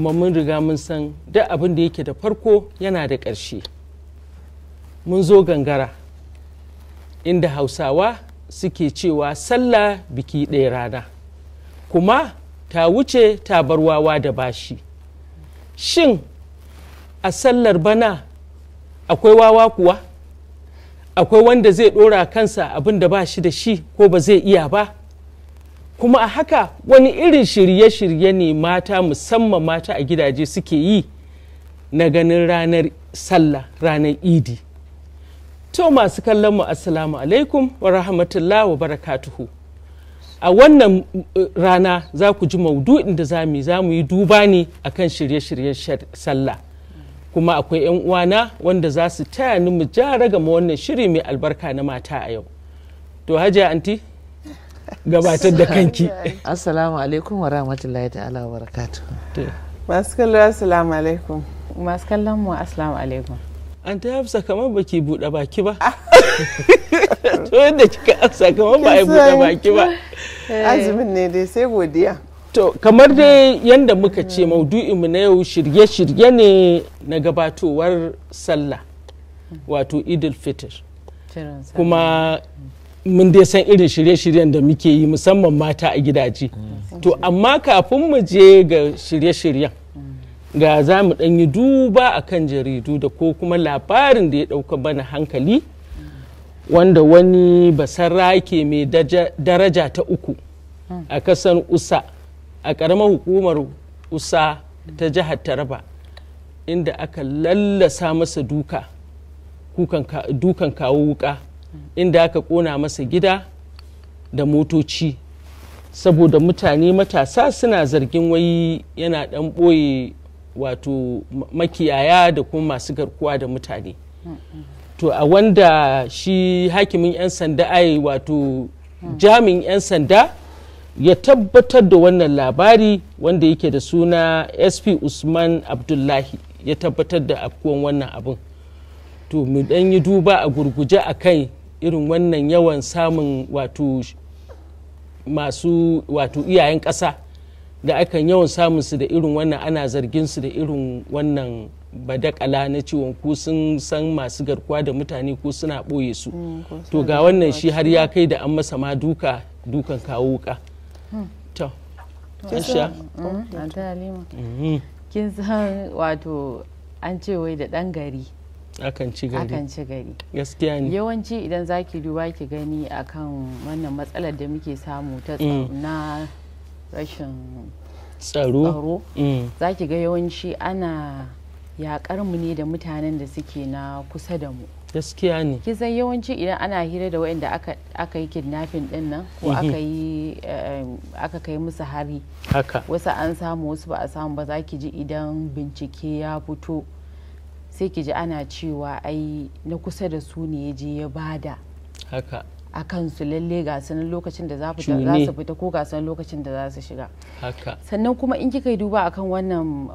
kuma mun riga mun san duk abin da yake da farko yana da ƙarshe mun zo gangara inda hausawa suke cewa sallah biki ɗaya rana kuma ta wuce ta bar wawa da bashi shin a sallar bana akwai wawa kuwa akwai wanda zai ɗora kansa abin da ba shi da shi ko ba zai iya ba kuma a haka wani irin shirye-shirye ne mata musamman mata a gidaje suke yi na ganin ranar sallah ranar idi to masu kallon mu assalamu alaikum wa rahmatullahi wa barakatuhu a wannan uh, rana za ku ji maudu'in da zamu za mu yi duba ne akan shirye-shiryen sallah kuma akwai 'yan uwana wanda za su taya ni mu jara gama wannan shiri mai albarka na mata a yau to hajiya anti gabatar da kanki assalamu alaikum wa rahmatullahi ta'ala wa barakatu. masu kallo assalamu alaikum masu kallon mu assalamu alaikum an ta hafsa kamar baki buɗe baki ba to yadda kika hafsa kamar ba a buɗe baki ba azumin ne dai sai godiya to kamar dai yadda muka ce maudu'inmu na yau shirye-shirye ne na gabatowar sallah wato idil fitr kuma mun dai san irin shirye-shiryen da muke yi musamman mata a gidaje to amma kafin mu je ga shirye-shiryen ga za mu yi duba a kan jaridu da ko kuma labarin da ya ɗauka bana hankali wanda wani basarake mai daraja ta uku a kasan usa a ƙaramar hukumar usa ta jihar taraba inda aka lallasa masa duka dukan kawo wuka inda aka kona masa gida da motoci saboda mutane matasa suna zargin wai yana dan boye wato makiyaya da kuma masu garkuwa da mutane to a wanda shi hakimin 'yan sanda ai wato jami'in 'yan sanda ya tabbatar da wannan labari wanda yake da suna sp usman abdullahi ya tabbatar da afkuwan wannan abin to mu dan yi duba a gurguje a kai irin wannan yawan samun wato masu wato iyayen ƙasa da akan yawan samun su da irin wannan ana zargin su da irin wannan badakala na ciwon ko sun san masu garkuwa da mutane ko suna ɓoye su mm, to ga wannan shi har ya kai da an masa ma duka dukan kawo wuka hmm. mm, mm, mm-hmm. kin san wato an ce wai da ɗan gari akan ci gari akan ci gari gaskiya ne yawanci idan zaki duba ki gani akan wannan matsalar da muke samu ta mm. na rashin tsaro mm. zaki ga yawanci ana yakar mu ne da mutanen da suke na kusa da mu gaskiya ne kisan yawanci idan ana hira da waɗanda aka yi kidnapping din nan ko mm-hmm. eh, aka kai musu hari haka wasu an samu wasu ba a samu ba zaki ji idan bincike ya fito sai ki ji ana cewa ai na kusa da su ne ya je ya bada haka a kansu lalle ga sanin lokacin da za su fita ko ga sanin lokacin da za su shiga sannan kuma in kika yi duba akan wannan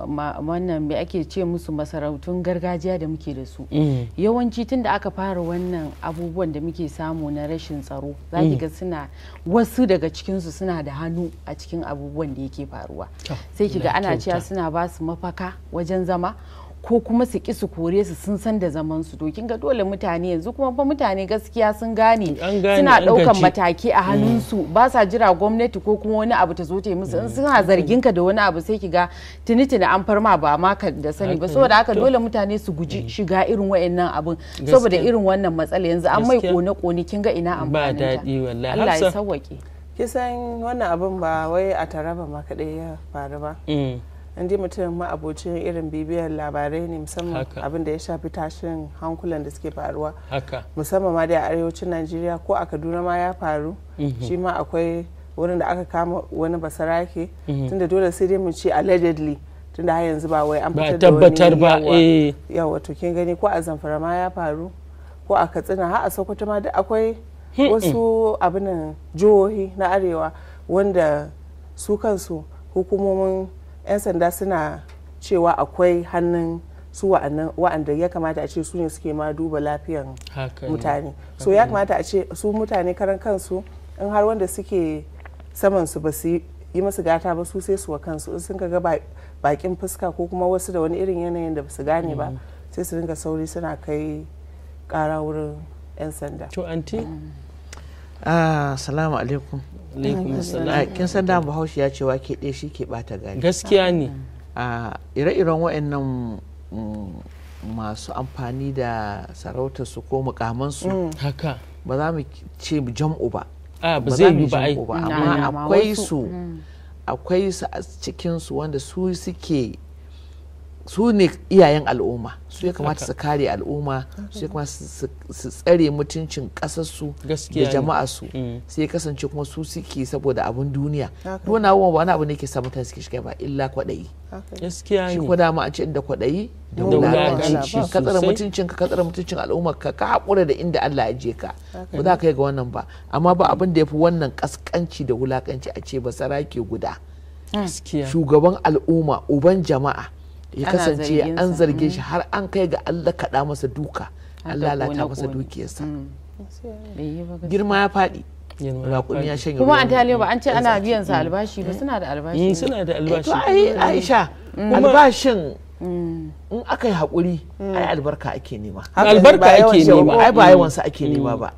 wannan me ake ce musu masarautun gargajiya da muke da su mm. yawanci tun da aka fara wannan abubuwan da muke samu na rashin tsaro za ki mm. ga suna wasu daga cikinsu suna da hannu a cikin abubuwan da yake faruwa sai ki ga ana cewa suna ba su mafaka wajen zama ko kuma su ki su kore su sun san da zaman su to kin ga dole mutane yanzu kuma fa mutane gaskiya sun gane suna daukan mataki a hannun mm. su ba sa jira gwamnati ko kuma wani abu ta zo ta yi musu in suna mm. zargin ka da wani abu sai ki ga tuni tuni an farma ba ma ka da sani ba saboda haka dole mutane su guji mm. shiga irin wayannan abun saboda irin wannan matsala yanzu an mai kone kone kin ga ina amfanin ta Allah ya sawwake kisan wannan abun ba wai a taraba ma kadai ya faru ba ji mutum ma'abocin irin bibiyar labarai ne musamman abin da ya shafi tashin hankulan da suke faruwa musamman ma da a arewacin najeriya ko a kaduna ma ya faru mhm. shi ma akwai wurin da aka kama wani basarake mhm. tunda dole sai dai mu ce allegedly tunda har yanzu ba wai an fitar da wani yawa eh. to kin gani ko a zamfara ma ya faru ko a katsina har a sokoto ma duk akwai hmm. wasu abinan jihohi na arewa wanda su kansu hukumomin 'yan sanda suna cewa akwai hannun su wa'anda ya kamata a ce su ne suke ma duba lafiyan mutane so ya kamata a ce su mutane karan kansu in har wanda suke saman su ba su yi masu gata ba su sai su wa kansu in sun ga bakin fuska ko kuma wasu da wani irin yanayin da ba su gane ba mm. sai su dinga sauri suna kai kara wurin 'yan sanda to aunty. Ah, Ah, kin san da bahaushe ya cewa ke ɗaya shi ke bata gari gaskiya ne a ah, ire-iren waɗannan mm, masu amfani da sarautar su ko su mm. haka ba za mu ce jam'u ba ah, ba zai yi ba mm. amma akwai su akwai su a cikinsu wanda su suke su ne iyayen al'umma su ya kamata su kare al'umma su ya kamata su tsare mutuncin kasarsu da jama'arsu mm. sai ya kasance kuma su suke saboda abun duniya dona wa wani abu ne ke sa mutane suke shiga ba illa kwaɗayi shi ko dama a ce inda kwaɗayi da wulaƙanci ka tsare mutuncin ka tsare mutuncin al'umma ka ka haƙura da inda Allah ya je ka ba za ka yi ga wannan ba amma ba abin da ya fi wannan ƙasƙanci da wulaƙanci a ce ba sarake guda shugaban al'umma uban jama'a ya kasance an zarge shi mm. har an kai ga Allah kaɗa masa duka an lalata masa dukiyarsa mm. girma ya faɗi raƙumi ya shanye kuma an taliyo ba an ce ana biyan sa mm. albashi ba suna da albashi eh, suna da eh, albashi to ai aisha albashin in aka yi haƙuri ai albarka ake nema albarka ake nema ai ba yawansa ake nema ba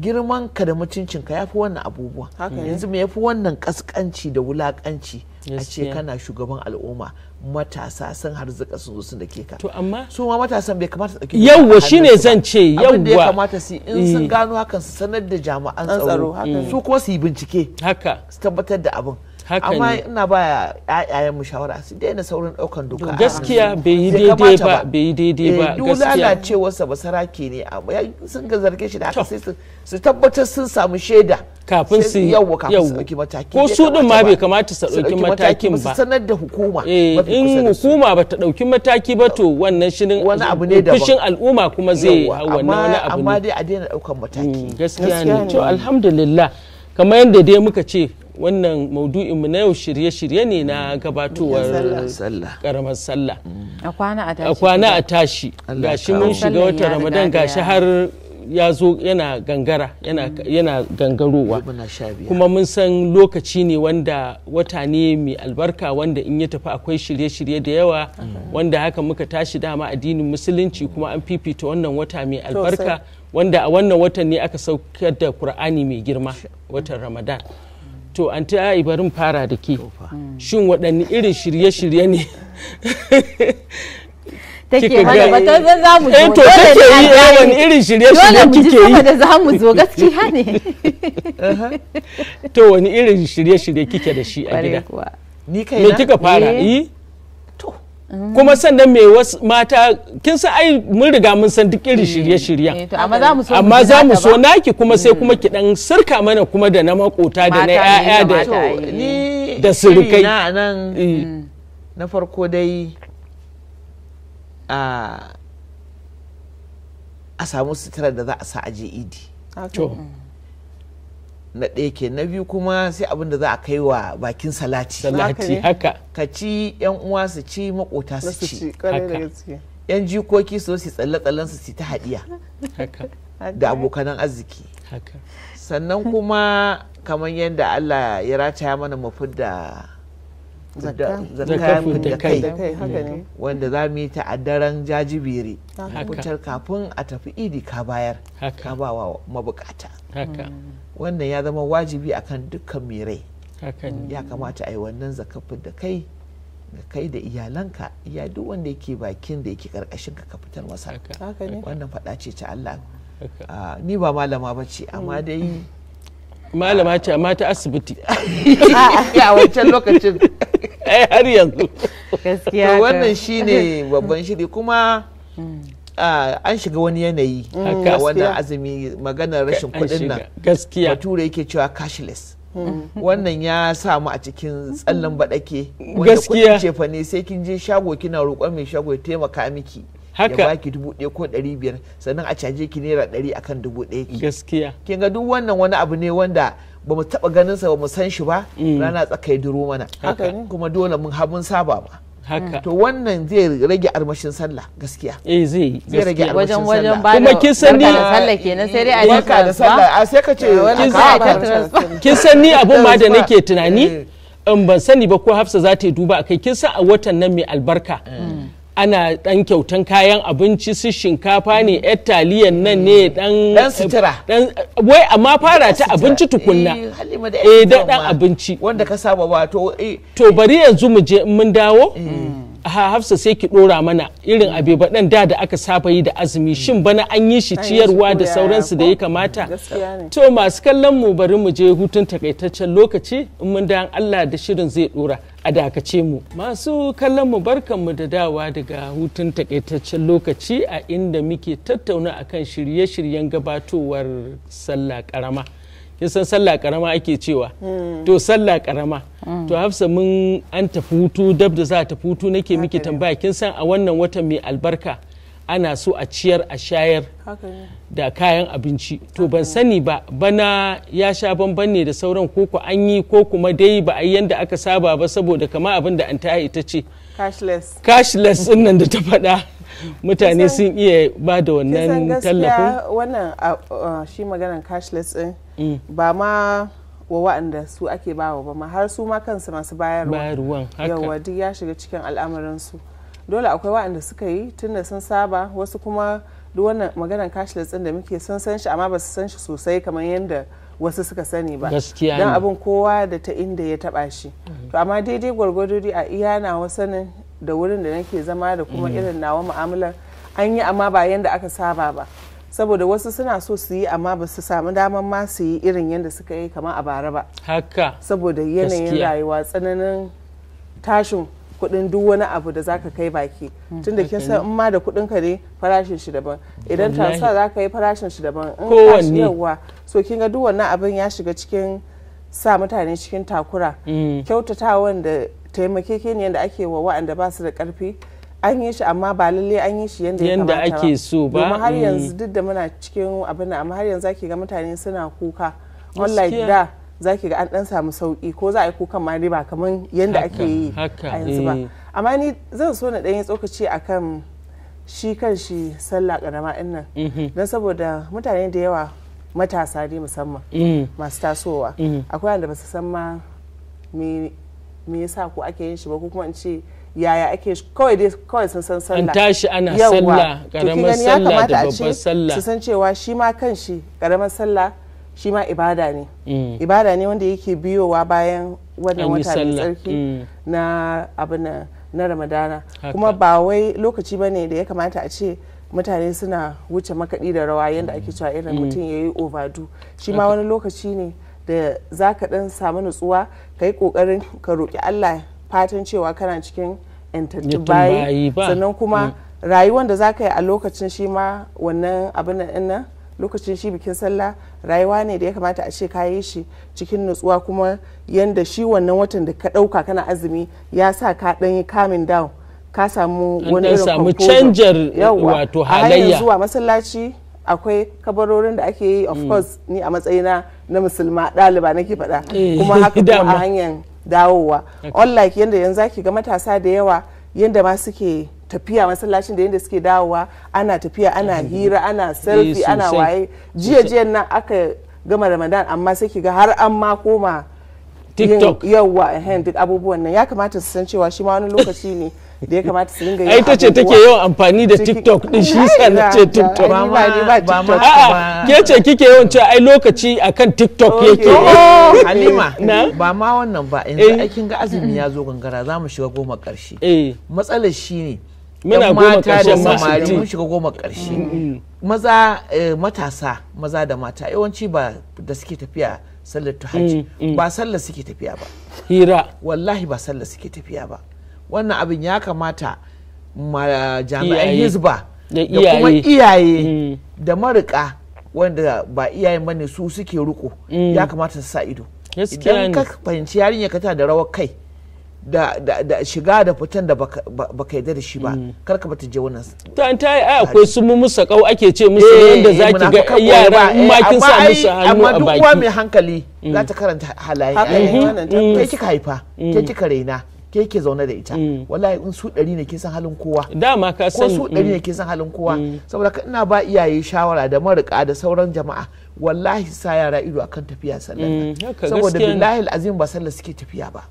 girman ka da mutuncin ka yafi wannan abubuwa yanzu me yafi wannan kaskanci da wulakanci a ce kana shugaban al'umma matasa sun harzuka sun zo sun da ke ka to amma su ma matasan bai kamata su yawwa shine zan ce yawwa abin da ya kamata su in sun eh. gano hakan su sanar da jami'an tsaro mm. su kuma su yi bincike haka su tabbatar da abin amma ina ba yayan mu shawara su daina saurin daukan doka gaskiya bai yi daidai ba bai yi daidai ba eh, gaskiya duk lalacewar sa ba saraki ne amma sun ga zarge shi da aka sai su tabbatar sun samu shaida kafin su yawo kafin su dauki mataki ko su din ma bai kamata su dauki matakin ba su sanar da hukuma eh, in hukuma ba ta dauki mataki ba to wannan shinin wani abu ne daban fushin al'umma kuma zai wannan wani abu ne amma dai a daina daukan mataki mm, gaskiya ne to alhamdulillah kamar yadda dai muka ce wannan maudu'in mu na yau shirye-shirye ne na gabatowar karamar sallah a kwana a tashi gashi mun shiga wata ramadan gashi har ya zo yana gangara yana mm. gangarowa kuma mun san lokaci ne wanda wata ne mai albarka wanda in ya tafi akwai shirye-shirye da yawa mm. wanda haka muka tashi dama addinin musulunci kuma an fifita wannan wata mai albarka wanda a wannan watan ne aka saukar da kur'ani mai girma watan ramadan to an ta yi barin fara da ke hmm. shin waɗanne irin shirye-shirye ne take hana ba ta za mu zo eh, to take yi yawan eh, irin shirye-shirye kike yi da za mu zo gaskiya ne to wani irin shirye-shirye kike da shi a gida ni na me kika fara eh. yi kuma sannan mai wasu mata kin san ai mun riga mun san duk irin eh, shirye-shiryen eh, amma za mu so naki kuma sai hmm. kuma ki dan sirka mana kuma da na makota da na yaya da da sirkai eh. na farko dai a samu sutura da za a sa aje idi na ɗaya ke na biyu kuma sai abin da za a kai wa bakin salati salati haka ka ci yan uwa su ci makota su ci yan jikoki su su tsalle tsallen su ta hadiya da abokanan arziki sannan kuma kamar yadda Allah ya rataya mana mafi da zakka da kai mm. wanda za mu yi ta a daren jajibiri wutar kafin a tafi idi ka bayar ka ba wa mabukata mm. wannan ya zama wajibi akan dukkan mirai ya kamata a yi wannan zakafin da kai da kai da iyalanka iya duk wanda yake bakin da yake karkashin ka fitar masa wannan faɗa ce ta Allah ni ba malama ba ce amma mm. dai malama ce amma ta asibiti a wancan lokacin ai har yanzu gaskiya wannan shine babban shiri kuma mm. ah, an shiga wani yanayi mm, a wannan azumi maganar rashin kuɗin nan gaskiya bature yake cewa cashless mm. wannan ya samu a cikin tsallan baɗake wanda kudin cefa ne sai kin je shago kina roƙon mai shago ya taimaka miki haka ya baki dubu ɗaya ko ɗari biyar sannan a caje ki naira ɗari akan dubu ɗaya gaskiya kin ga duk wannan wani abu ne wanda ba mu taɓa ganin sa ba mu san shi ba mm. rana tsakai duro mana kuma dole mun habun saba ba haka to wannan zai rage armashin sallah gaskiya eh zai zai rage armashin sallah kuma kin san ni sallah kenan sai dai a yi da sallah a ah, sai ka ce kin san ni abun ma da nake tunani eh. in ban sani ba ko Hafsa za ta yi duba akai kin san a watan nan mai albarka mm. ana dan kyautan kayan abinci su shinkafa ne yar taliyan nan ne dan mm. dan sutura wai amma fara ta abinci tukunna eh dan eh, abinci wanda ka saba wato eh. to bari yanzu mu je mun dawo mm. hafsa sai ki dora mana irin mm. abeba dan da da aka saba yi da azumi mm. shin bana an yi shi ciyarwa da sauransu da ya kamata to masu kallon mu bari mu je hutun takaitaccen lokaci in mun da Allah da shirin zai dora a dakace mu masu kallon mu barkan mu da dawa daga hutun takaitaccen lokaci a inda muke tattauna akan shirye-shiryen gabatowar sallah karama kin san sallah karama ake cewa hmm. to sallah karama hmm. to hafsa mun an tafi hutu dab da za ta hutu nake miki tambaya kin san a wannan watan mai albarka ana so a ciyar a shayar da kayan abinci to ban sani ba bana ya sha bamban ne da sauran koko an yi ko kuma dai ba a yi yanda aka saba ba saboda kama abin da ta ita ce cashless cashless din nan da ta faɗa mutane sun iya ba da wannan tallafin wannan shi maganar cashless din Eh. ba ma wa waɗanda su ake bawa ba ma har su ma kansu masu bayarwa yawa duk ya shiga cikin al'amuransu dole akwai waɗanda suka yi tun da sun saba wasu kuma duk wannan maganan cashless ɗin da muke sun san shi amma ba su san shi sosai kamar yadda wasu suka sani ba don abin kowa da ta inda ya taɓa shi mm. to amma daidai gwargwado a iya nawa sanin da wurin da nake zama da kuma mm. irin nawa mu'amalar an yi amma ba yadda aka saba ba saboda wasu suna so su yi amma ba su samu daman ma su yi irin yadda suka yi kama a bara ba haka saboda yanayin rayuwa tsananin tashin kudin duk wani abu da zaka kai baki hmm, tunda kin san in ma da kudin ka ne farashin shi daban idan transfer zaka yi farashin shi daban in shi yawa so kin ga duk wannan abin ya shiga cikin sa mutane cikin takura hmm. kyautatawan da ne da ake wa wa'anda ba su da karfi an yi shi amma ba lalle an yi shi yadda ya kamata ake so ba domin har mm. yanzu duk da muna cikin abin amma har yanzu zaki ga mutane suna kuka wallahi da zaki ga an dan samu sauki ko za a yi kukan ma dai ba kaman yanda ake yi a yanzu ba eh. amma ni zan so na dan yi tsokaci akan shi kan shi sallah karama din nan mhm. don saboda mutane da yawa matasa dai musamman mm. masu tasowa mm. akwai wanda ba su san ma me yasa ko ake yin shi ba ko kuma in ce yaya ake kawai dai kawai sun san sallah an tashi ana sallah karamar sallah da babbar sallah su san cewa shi ma kan shi karamar sallah shi ma ibada ne mm. ibada ne wanda yake biyowa bayan wannan wata mai tsarki mm. na abu na ramadana kuma ba wai lokaci bane da ya kamata a ce mutane suna wuce makaɗi da rawa yadda ake cewa irin mm. mutum ya yi ovadu shi ma wani lokaci ne da za ka ɗan samu nutsuwa ka yi ƙoƙarin ka roƙi allah fatan cewa kana cikin yantattun sannan kuma mm. rayuwar da zaka yi a lokacin shi ma wannan abin nan lokacin shi bikin sallah rayuwa ne da ya kamata a ce ka yi shi cikin nutsuwa kuma yanda shi wannan watan da ka ɗauka kana azumi ya sa ka yi kamin down ka samu wani irin samu canjar wato halayya zuwa masallaci akwai kabarorin da ake yi of mm. course ni a matsayina na musulma ɗaliba nake faɗa eh, kuma haka a hanyar dawowa unlike yadda yanzu zaki ga matasa da yawa yadda ma suke tafiya masallacin da yadda suke dawowa ana tafiya ana hira ana selfie eh, ana waye jiya jiyan nan aka gama ramadan amma sai ki ga har an ma koma tiktok yawwa eh, duk abubuwan nan ya kamata su san cewa shi ma wani lokaci ne da ya kamata su dinga yi ai ta ce take yawan amfani da tiktok din shi sa na ce tiktok ba ma ba ma ke ce kike yawan cewa ai lokaci akan tiktok yake oh! eh, halima ba ma wannan ba yanzu eh. aikin ga azumi ya zo gangara za mu shiga goma karshe eh. matsalar shi ne muna goma karshen samari mun shiga goma karshe mm, mm. maza matasa maza da mata yawanci ba da suke tafiya sallar tuhaji mm, ba sallar suke tafiya ba hira wallahi ba sallar suke tafiya ba wannan abin ya kamata jami'an hizba da kuma iyaye mm. da marika wanda ba iyaye mani su suke ruko. Mm. ya kamata su sa ido idan ka fahimci yarinya ka da rawar kai da shiga da fitan da baka yarda da shi ba mm. kar ka bata je wannan ta ta ai akwai su mu musa kau ake ce musu eh, za zaki ga yara in ma eh, kin sa musu hannu a baki amma duk mai hankali za ta karanta halayen ai wannan ta kika haifa ta kika raina ke ke zaune da ita mm. wallahi in su ɗari ne ke san halin kowa dama ka san su ɗari ne mm. ke san halin kowa mm. saboda ka ina ba iyaye shawara da marika da sauran jama'a wallahi sa yara ido akan tafiya sallan saboda billahi azim ba sallar suke tafiya ba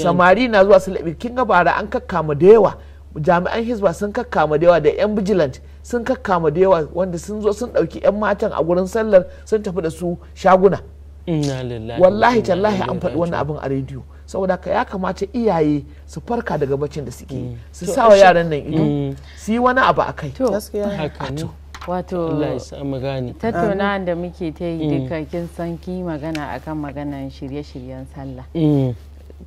samari na zuwa sallar kin ga bara an kakkama da yawa jami'an hisba sun kakkama da yawa da yan vigilant sun kakkama da yawa wanda sun zo sun ɗauki yan matan a gurin sallar sun tafi da su shaguna wallahi tallahi an faɗi wannan abin a rediyo saboda ka ya kamata iyaye su farka daga bacin da suke mm. su sawa yaran nan ido mm. su yi wani abu a kai wato tattaunawa da muke ta yi mm. duka kin san ki magana akan maganan shirye-shiryen sallah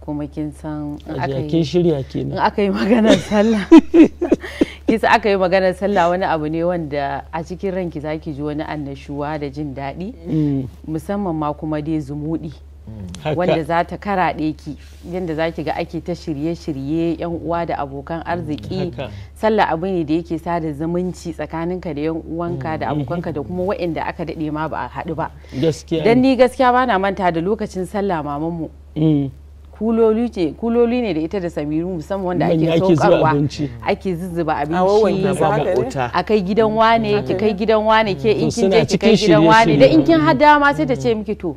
kuma kin san in aka yi maganar sallah kisa aka yi maganar sallah wani abu ne wanda a cikin ranki zaki ji wani annashuwa da jin daɗi musamman ma kuma dai zumuɗi wanda za ta karaɗe ki yadda za ki ga ake ta shirye-shirye yan uwa da abokan mm, arziki sallah abu ne da yake sada zumunci tsakaninka da yan uwanka mm, da mm, abokanka da kuma wa'inda aka daɗe ma ba a haɗu ba don ni gaskiya ba na manta da lokacin sallah mamanmu kuloli ce kuloli ne da ita da samiru musamman wanda ake saukarwa ake zuzzuba abinci a kai gidan wane ki kai gidan wane ke in kin je ki kai gidan wane da in kin hada ma sai ta ce miki to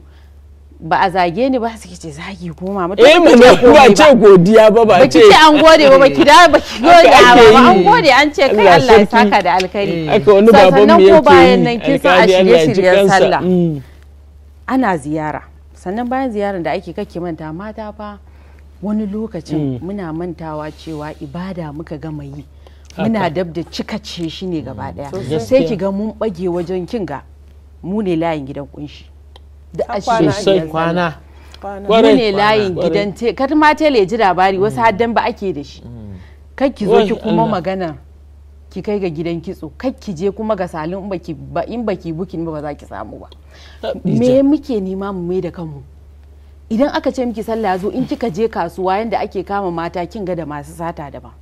ba a zage ni ba ke ce zagi goma mutum eh mana ba ce godiya ba ba ce ba an gode ba baki da ba gode ba an gode an ce kai Allah ya saka da alkhairi eh. aka wani baban mu yake bayan nan kin sa a shirye shiryen sallah mm. ana ziyara sannan bayan ziyarar da ake kake manta mata fa wani lokacin mm. muna mantawa cewa ibada muka gama yi muna dab da ce shi ne gaba daya mm. sai ki ga mun bage wajen kinga mu ne layin gidan kunshi da ashe sosai kwana kwana ne layin gidan te kar ma tele ji labari wasu haddan ba ake da shi mm. kai ki zo ki kuma magana ki kai ga gidan kitso kai ki je kuma ga salon in baki ba in baki bukin ba za ki samu ba me muke nema mu mai da kanmu idan aka ce miki sallah zo in kika je kasuwa yanda ake kama mata kin ga da masu sata daban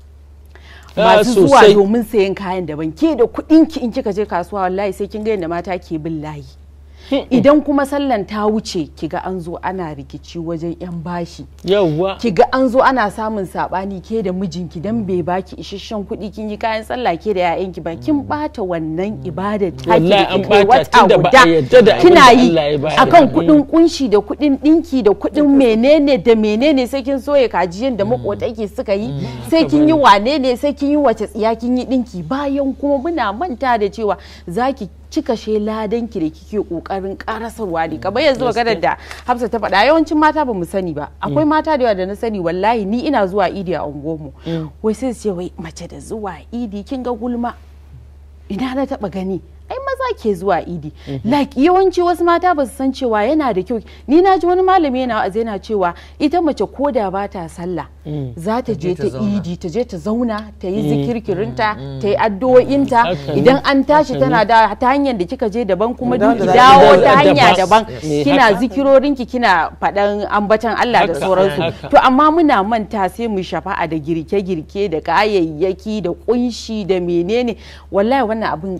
ah, masu zuwa domin sayan kayan daban ke da kuɗin ki in kika je kasuwa wallahi sai kin ga yanda mata ke bin layi idan kuma sallan ta wuce kiga an zo ana rikici wajen yan bashi yawwa kiga an zo ana samun sabani ke da mijinki dan bai baki isasshen kuɗi kin yi kayan sallah ke da yayanki ba kin bata mm. wannan mm. ibada ta ki wata guda kina yi akan kuɗin kunshi da kuɗin dinki da kuɗin mm. menene da menene sai kin soye kajiyan da makota ke suka yi sai kin yi wane ne sai kin yi wace tsiya kin yi dinki bayan kuma muna manta da cewa zaki cika she ladan ki da kike kokarin karasarwa ne mm, kamar yanzu maganar da Hafsa ta faɗa yawancin mata ba mu sani ba akwai mm. mata da yawa da na sani wallahi ni ina zuwa idi a mu mm. wai sai su ce wai mace da zuwa idi kin ga gulma ina na taba gani ai maza ke zuwa idi mhm. like yawanci wasu mata ba su san cewa yana da kyau ni na ji wani malami yana wa'azi na cewa ita mace ko da ba ta sallah mm. za ta je ta idi ta je ta zauna ta yi mm. zikirkirinta mm. ta yi addu'o'inta idan an tashi tana da ta hanyar da kika je daban kuma ki dawo ta hanya daban kina zikirorinki kina faɗan ambatan Allah da sauransu to amma muna manta sai mu shafa'a da girke-girke da kayayyaki da kunshi da menene wallahi wannan abin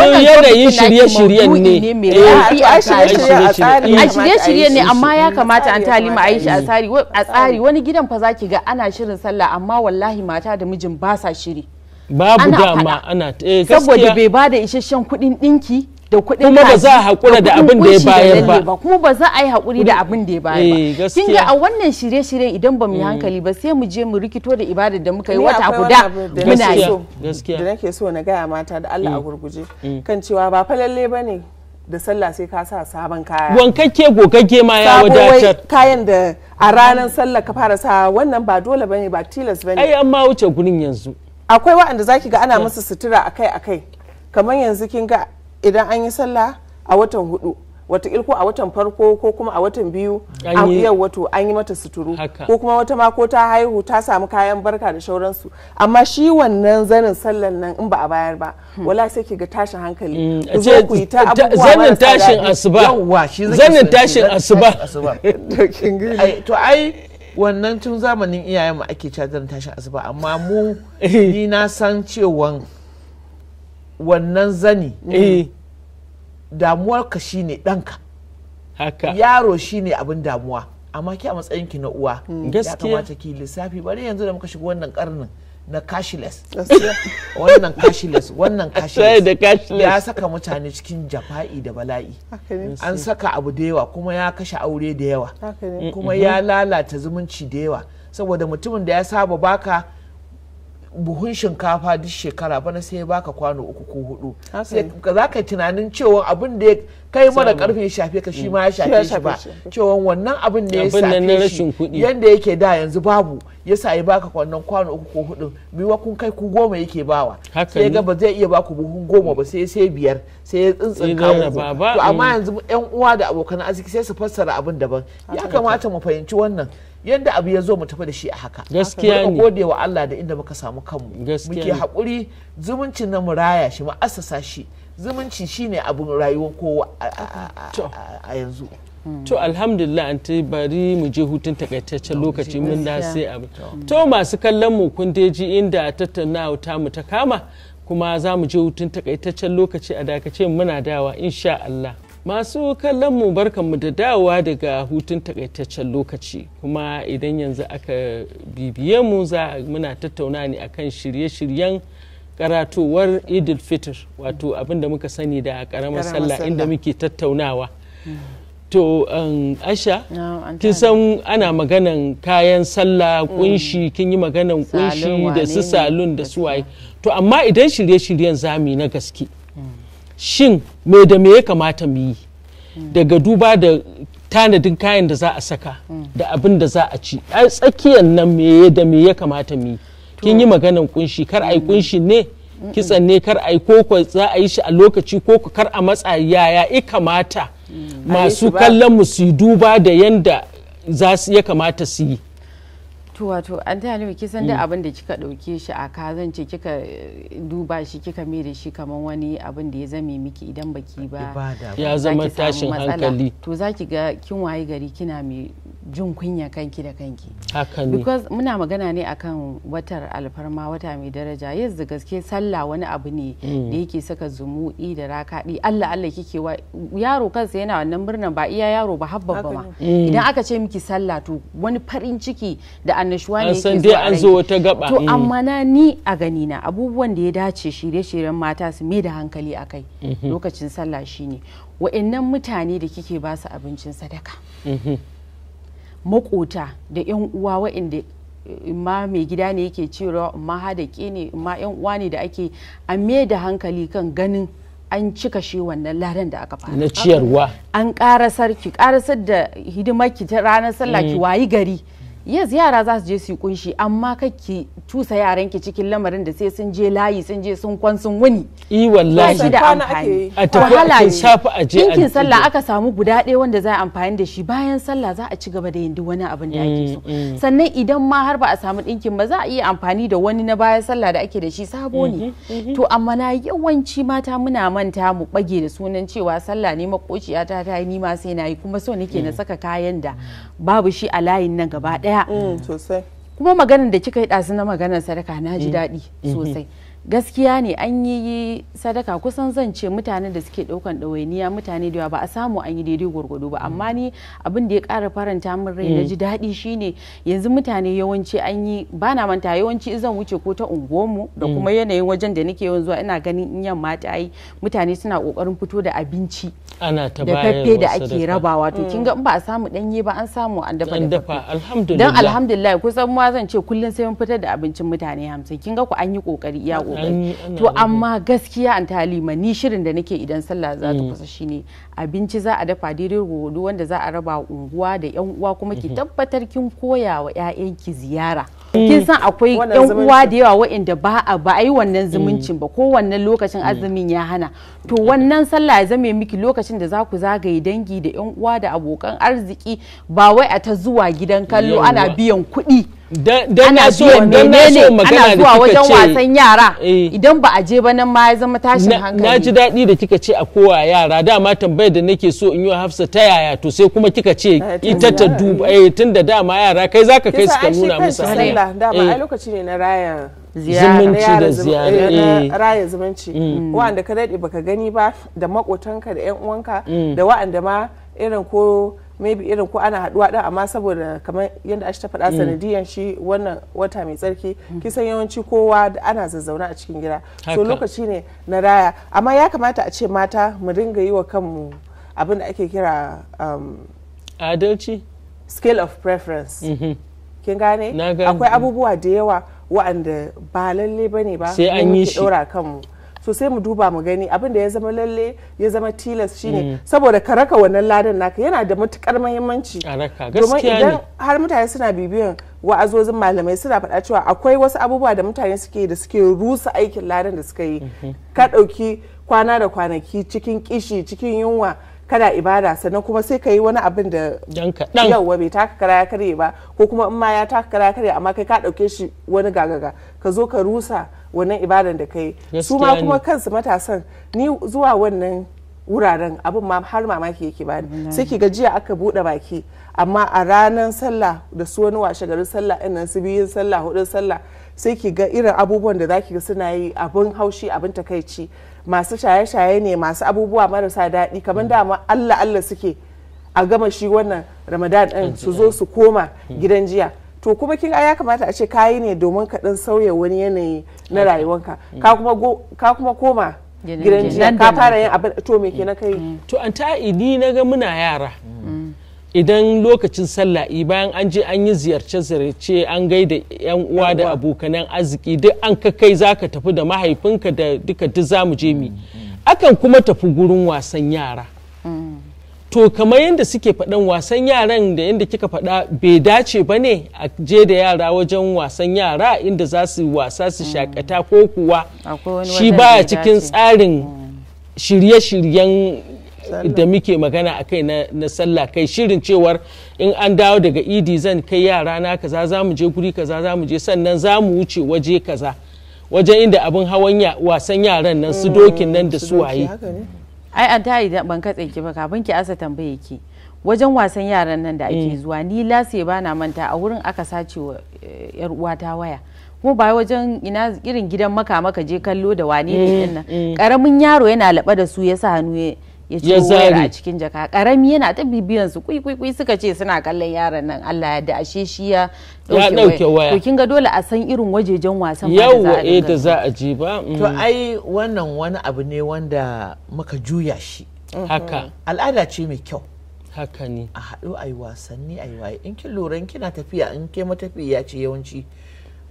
yadda yanayin shirye-shiryen ne eh, a shirye-shirye ne amma ya kamata an talima a yi shi a tsari wani gidan fa zaki ga ana shirin sallah amma wallahi mata da mijin ba sa shiri babu dama ana eh, saboda bai ba da isasshen kuɗin dinki. da kuɗin kuma ba za a haƙura da abin da ya bayar ba kuma ba za a yi haƙuri da abin da ya bayar eh, ba kin yi a wannan shirye-shirye idan ba mu yi mm. hankali ba sai mu je mu rikito da ibadar da muka yi wata guda muna yi da nake so na gaya mata da Allah a mm. gurguje mm. kan cewa ba fa lalle bane da sallah sai ka sa sabon kaya wankakke gogagge ma ya wadatar kayan da a ranar sallah ka fara sa wannan ba dole bane ba tilas bane ai amma wuce gurin yanzu akwai waɗanda zaki ga ana musu sutura akai-akai kamar yanzu kin ga idan an yi sallah a watan hudu watakil ko a watan farko ko kuma a watan biyu an yau wato an yi mata suturu ko kuma wata ma ko ta haihu ta samu kayan barka da shauransu amma shi wannan zanin sallan nan in ba a bayar ba hmm. wala sai ki ga tashin hankali hmm. zanin tashin asuba zanin tashin asuba to ai wannan tun zamanin iyayenmu ake cazar tashin asuba amma mu eh. ni na san cewa wannan zani eh. damuwarka shine ɗanka yaro yaro shine abin damuwa amma ke a matsayin ki na uwa hmm. ya kamata ki lissafi bari yanzu da muka shiga wannan karnin na cashless wannan cashless wannan cashless ya saka mutane cikin jafa'i da bala'i an saka abu da yawa kuma ya kashe aure da yawa kuma ya lalata zumunci da yawa saboda mutumin da ya saba baka buhun shinkafa duk shekara bana sai ya baka kwano uku ko hudu za ka tunanin cewa abin da kai mara karfe ya shafe ka shi mm. ma ya shafe shi ba cewa wannan abin da ya shafe shi yanda yake da yanzu babu ya sa ya baka wannan kwano uku ko hudu biwa kun kai ku goma yake bawa sai ga ba zai iya baku buhun goma ba sai sai biyar sai ya tsintsin kawo to amma mm. yanzu yan uwa da abokan arziki sai su fassara abin daban ya kamata mu fahimci wannan yadda abu ya zo mu tafi da shi a haka gaskiya ne gode wa Allah da inda muka samu kanmu muke haƙuri zumuncin na mu raya shi mu asasa shi zumunci shine abun rayuwar kowa a yanzu hmm. to alhamdulillah an bari mu je hutun takaitaccen lokaci mun da sai abu to masu kallon mu kun ji inda tattaunawa ta mu ta kama kuma za mu je hutun takaitaccen lokaci a dakace muna dawa insha Allah masu kallonmu barkanmu da dawowa daga hutun takaitaccen lokaci kuma idan yanzu aka bibiye mu za muna tattauna ne akan shirye-shiryen karatowar idil fitr wato abin da muka sani da karamar sallah inda muke tattaunawa mm. to um, asha kin san ana maganan kayan sallah kunshi mm. kin yi maganan kunshi da su salon da su waye to amma idan shirye-shiryen zami na gaske mm. shin me da me ya kamata mu yi daga duba da tanadin kayan da za a saka da abin da za a ci a tsakiyar nan me da me ya kamata mu yi kin yi maganan kunshi kar a yi mm. kunshi ne kitsan ne kar a yi koko za a yi shi a lokaci koko kar a matsa yaya i kamata mm. masu kallon mu su duba da yanda za su ya kamata su yi to wato an taya ni kisan da mm. abin da kika dauke shi a ka zan ce kika eh, duba shi kika mai da shi kamar wani abin da ya zame miki idan baki ba ya zama tashin hankali to zaki ga kin waye gari kina mai jin kunya kanki da kanki hakan because muna magana ne akan watar alfarma wata mai daraja yanzu gaske sallah wani abu ne da mm. yake saka zumu'i da rakaɗi Allah Allah kike wa yaro kansa yana wannan murnan ba iya yaro ba habba ba mm. idan aka ce miki sallah to wani farin ciki da annashuwa ne san dai an zo wata gaba to mm. amma na ni a gani na abubuwan da ya dace shirye-shiryen mata su mai da hankali a kai mhm. lokacin sallah shine wa'annan mutane da kike ba su abincin sadaka mhm. makota da yan uwa wa'anda ma mai gida ne yake cewa ma ke ne ma yan uwa ne da ake a mai da hankali kan ganin an cika shi wannan ladan da aka fara na ciyarwa an karasar ki karasar da hidimar ki ta ranar sallah ki mm. wayi gari yes yara za su je su yi kunshi amma ki cusa yaran ki cikin lamarin da sai sun je layi sun je sun kwan sun wani i wallahi da amfani a tafi shafi a je dinkin sallah aka samu guda ɗaya wanda za a amfani da shi bayan sallah za a ci gaba da yin duk wani abin da ake so mm, mm. sannan idan ma har ba a samu dinkin ba za a iya amfani da wani na bayan sallah da ake da shi sabo ne mm-hmm, mm-hmm. to amma na yawanci mata muna manta mu bage da sunan cewa sallah ne makociyata ta ta yi ma sai na yi kuma so nake na mm. saka kayan da babu shi a layin nan gaba daya mm, kuma maganar da kika yi ɗazu na maganar sadaka na ji mm. daɗi mm-hmm. sosai gaskiya ne an yi sadaka kusan zan ce mutanen da suke daukan ɗawainiya mutane da yawa ba a samu an yi daidai gwargwado ba amma ni abin da ya ƙara faranta min rai na mm. ji daɗi shine yanzu mutane yawanci an yi ba na manta yawanci zan wuce ko ta unguwarmu da mm. kuma yanayin wajen da nake yawan zuwa ina ganin in yamma ta yi mutane suna ƙoƙarin fito da abinci ana ta da kaffe da ake rabawa to mm. kin ga in ba a samu ɗanye ba an samu an dafa da alhamdulillah dan alhamdulillah kusan ma zan ce kullum sai mun fitar da abincin mutane hamsin kin ga ku an yi ƙoƙari iya to amma gaskiya an talima ni shirin da nake idan sallah za ta mm. kusa shine abinci za a dafa daidai gwargwado wanda za a raba unguwa da yan uwa kuma ki mhm. tabbatar kin koya wa ki ziyara mm. kin san akwai yan uwa da yawa waɗanda ba a ba a yi wannan mm. zumuncin ba ko wannan lokacin azumin ya hana to wannan sallah ya zame miki lokacin da za ku zagaye dangi da yan uwa da abokan arziki ba wai a ta zuwa gidan kallo ana biyan kuɗi dan na so magana da kika wajen wasan yara eh. idan ba a je ba nan ma ya zama tashin hankali na ji daɗi da kika ce a kowa yara dama tambayar da nake so in yi wa Hafsa ta yaya to sai kuma kika ce eh, ita ta duba eh tunda dama yara kai zaka kai suka nuna musu dama ai eh. lokaci ne na raya zumunci da ziyara raya zumunci mm. wa'anda ka daɗe baka gani ba da makotanka da 'yan uwanka mm. da wa'anda ma irin ko maybe irin ko ana haduwa din amma saboda kamar yadda ashi ta faɗa mm. sanadiyan shi wannan wata mai tsarki mm. kisan yawanci kowa da ana zazzauna a cikin gida so lokaci ne na raya amma ya kamata a ce mata mu dinga yi wa kanmu abin da ake kira um, adalci scale of preference mm-hmm. kin gane akwai abubuwa da yawa wa'anda ba lalle bane ba sai an yi shi kanmu so sai mu duba mu gani abin da ya zama lalle ya zama tilas shine mm. saboda ka raka wannan ladan naka yana da matukar muhimmanci domin idan har mutane suna bibiyan wa'azozin malamai suna faɗa cewa akwai wasu abubuwa da mutane suke da suke rusa aikin ladan da suka yi mm-hmm. ka ɗauki kwana da kwanaki cikin kishi cikin yunwa kana ibada sannan kuma sai ka yi wani abin da yauwa bai taka kara ya karye ba ko kuma in ma ya taka kara ya karye amma kai ka ɗauke shi wani gagaga ka zo ka rusa wannan ibadan da kai su ma kuma kansu matasan ni zuwa wannan wuraren abin ma har mamaki yake bani sai ki ga jiya aka bude baki amma a ranar sallah da su wani washe garin sallah ɗin su biyun sallah hudun sallah sai ki ga irin abubuwan da zaki ga suna yi abin haushi abin takaici masu shaye-shaye ne masu abubuwa marasa daɗi kamar dama Allah Allah suke a gama shi wannan ramadan ɗin su zo su koma hmm. gidan jiya to kuma kin ya kamata a ce kayi ne domin ka dan sauya wani yanayi na rayuwanka ka kuma koma gidan jiya ka fara yin abin to me kenan kai mm. to an ta idi na ga muna yara mm. idan lokacin sallah bayan an je an yi ziyarce-ziyarce an gaida yan uwa da abokanan arziki duk an ka kai zaka tafi da mahaifinka da duka duk zamu je mi mm. akan kuma tafi gurin wasan yara to kamar yadda suke faɗan wasan yaran da yadda kika faɗa bai dace ba ne a je da yara wajen wasan yara inda za su wasa su mm. shakata ko kuwa shi ba a cikin tsarin mm. shirye-shiryen da muke magana a kai na sallah kai shirin cewar in an dawo daga idi zan kai yara na kaza za mu je guri kaza za mu je sannan za mu wuce waje kaza wajen inda abin hawan wasan yaran nan su mm, dokin nan da su waye ai a da idan ban katse ki ba kafin ki asa tambaye ki wajen wasan yaran nan da ake eh. zuwa ni lase ba na manta a wurin aka sace wa eh, yar uwata waya kuma ba wajen ina irin gidan maka maka je kallo da wane ne eh, nan karamin yaro yana laba da su ya sa hannu ya ci wayar a cikin jaka karami yana ta bibiyan su kwi kwi suka ce suna kallon yaran nan Allah ya da ashe shi ya dauke waya to kin ga dole a san irin wajejen wasan a eh da za a ji ba to mm. ai wannan wani abu ne wanda muka juya shi mm-hmm. haka al'ada ce mai kyau haka ne a haɗu ayi wasanni ayi waye in kin lura kina tafiya in ke matafiya ce yawanci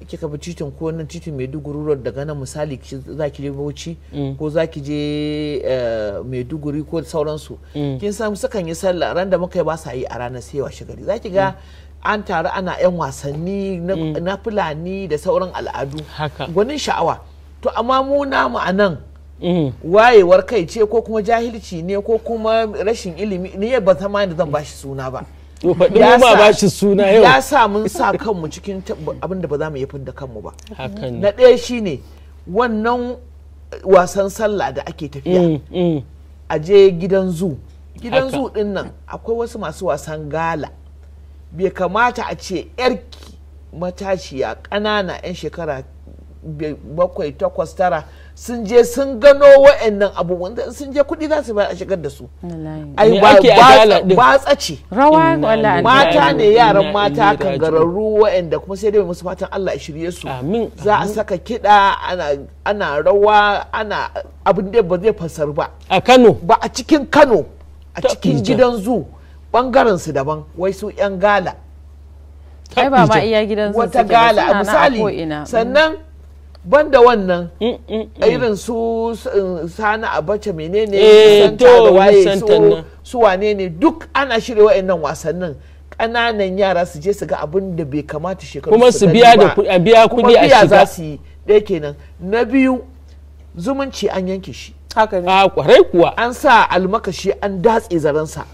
kika bi titin ko nan titin maiduguri road daga nan misali za ki je bauchi mm. ko za ki je eh, maiduguri ko sauransu mm. kin san sukan yi sallah ran da muka yi ba sa yi a ranar sai washe gari za ki ga an taru ana yan wasanni na mm. fulani da sauran al'adu gwanin sha'awa to amma mu namu a nan wayewar kai ce ko kuma jahilci ne ko kuma rashin ilimi ne ba zama da zan bashi suna ba yasa ma ba shi suna yau ya sa mun sa kanmu cikin abin da ba za mu yi da kanmu ba na ɗaya shine wannan eh, wasan sallah da ake tafiya mm, mm. a je gidan zu gidan zu din nan akwai wasu masu wasan gala bai kamata a ce yarki matashiya ƙanana 'yan shekara bakwai takwas tara sun je sun gano wa'annan abubuwan da sun je kuɗi za su bayar a shigar da su ai ba tsace rawa mata ne yaran mata kan gararru wa'anda kuma sai dai musu fatan Allah ya shirye su za a saka kiɗa ana rawa ana abin da ba zai fasar ba a Kano ba a cikin Kano a cikin gidan zu bangaren su daban wai su yan gala ai ba ma iya gidan zu wata gala a misali sannan banda wannan mm, mm, mm. irin su sana abacha menene eh, santa da waye su wane ne duk ana shirya wa'annan wasannin ƙananan yara su je su ga abin da bai kamata shekaru kuma su biya da biya kuɗi a shiga za su yi ɗaya kenan na biyu zumunci an yanke shi haka ne a kwarai kuwa an sa almakashi an datse zaransa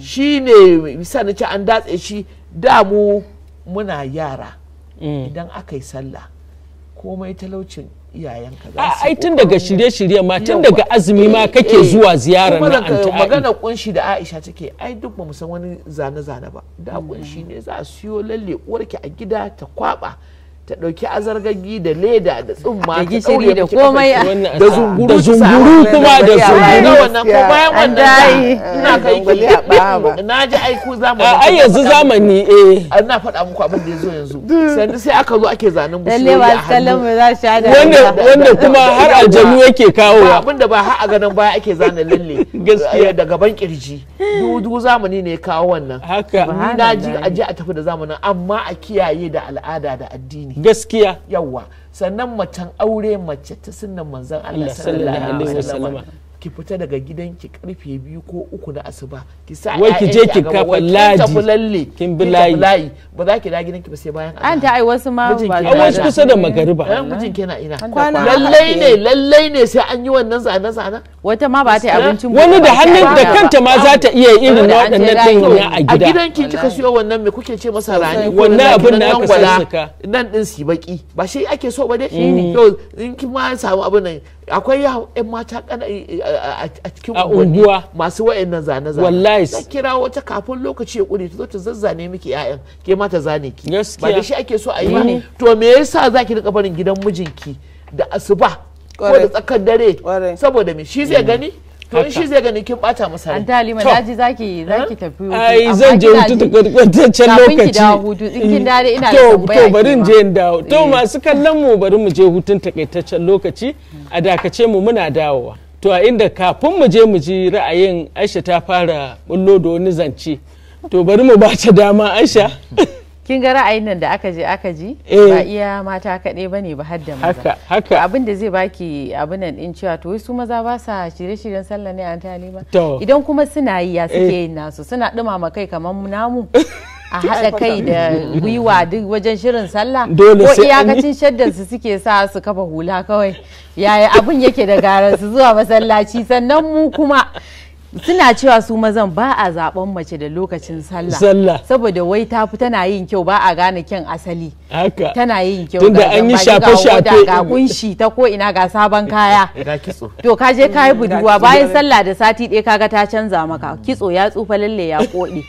shi ne bisa na ce an datse shi da mu muna yara idan aka yi sallah komai talaucin iyayenka za su tun daga shirye-shirye ma tun daga azumi ma kake eh, zuwa ziyara na anti magana kunshi da Aisha take ai duk ba mu san wani zane-zane ba da kunshi mm. ne za a siyo lalle uwarki a gida ta kwaba ta ɗauki azargaggi da leda da tsumma ta gishiri da komai da zunguru da zunguru kuma da zunguru wannan ko bayan wannan ina kai ki na ji ku zamani ai yanzu zamani eh ina faɗa muku abin da yazo yanzu sannan sai aka zo ake zanen za a da wanda wanda kuma har aljanu yake kawo abin da ba har a ganin baya ake zanin lalle gaskiya eh, da gaban kirji dudu zamani ne kawo wannan haka na ji a tafi da zamanin amma a kiyaye da al'ada da addini gaskiya yawa sannan macen aure mace ta sunan manzan Allah sallallahu alaihi wasallam ki fita daga gidanki karfe biyu ko uku na asuba ki sa wai ki je ki kafa laji kin bi layi ba za ki da gidanki ba sai bayan an ta ai wasu ma ba a wasu kusa da magariba ɗan mijin kina ina lallai ne lallai ne sai an yi wannan zane zana. wata ma ba ta yi abincin wani da hannun da kanta ma za ta iya irin waɗannan ɗin a gida a gidanki kika siyo wannan me kuke ce masa rani wannan abin da aka sassaka nan din si baki ba shi ake so ba dai to in kin ma samu abin nan akwai yawo yan mata a cikin unguwa masu wa'annan zane zane wallahi kira wata kafin lokaci ya kure ta zo ta zazzane miki yayan ke mata zane ki ba da shi ake so a yi to me yasa zaki rika barin gidan mijinki da asuba ko da tsakar dare saboda me shi zai mm. gani to shi zai gani kin bata masa rai an talima daji zaki zaki tafi hutu ai zan je hutu takaitaccen lokaci kafin ki dawo hutu in kin dare ina da tambaya to barin je in dawo to eh. masu kallon mu bari mu je hutun takaitaccen lokaci a dakace mu muna dawowa to a inda kafin mu je mu ji ra'ayin Aisha ta fara bullo da wani zance to bari mu ba ta dama Aisha kin ga ra'ayin nan da aka je aka ji eh. ba iya mata kaɗai ba ne ba har da maza haka abin da zai baki abin nan in cewa to su maza ba sa shirye-shiryen sallah ne a ba idan kuma suna yi ya suke eh. yin nasu suna ɗumama kai kamar namu a haɗa kai da gwiwa duk wajen shirin sallah ko iyakacin shaddan su suke sa su kafa hula kawai yaya abun yake da garansu zuwa masallaci sannan mu kuma suna cewa su mazan ba a zaben mace da lokacin sallah saboda wai ta fi tana yin kyau ba a gane kyan asali haka tana yin kyau tunda an yi shafe shafe ga kunshi ta ko ina ga sabon kaya ga kitso to ka je kai buduwa bayan sallah da sati ɗaya kaga ta canza maka kitso ya tsufa lalle ya kode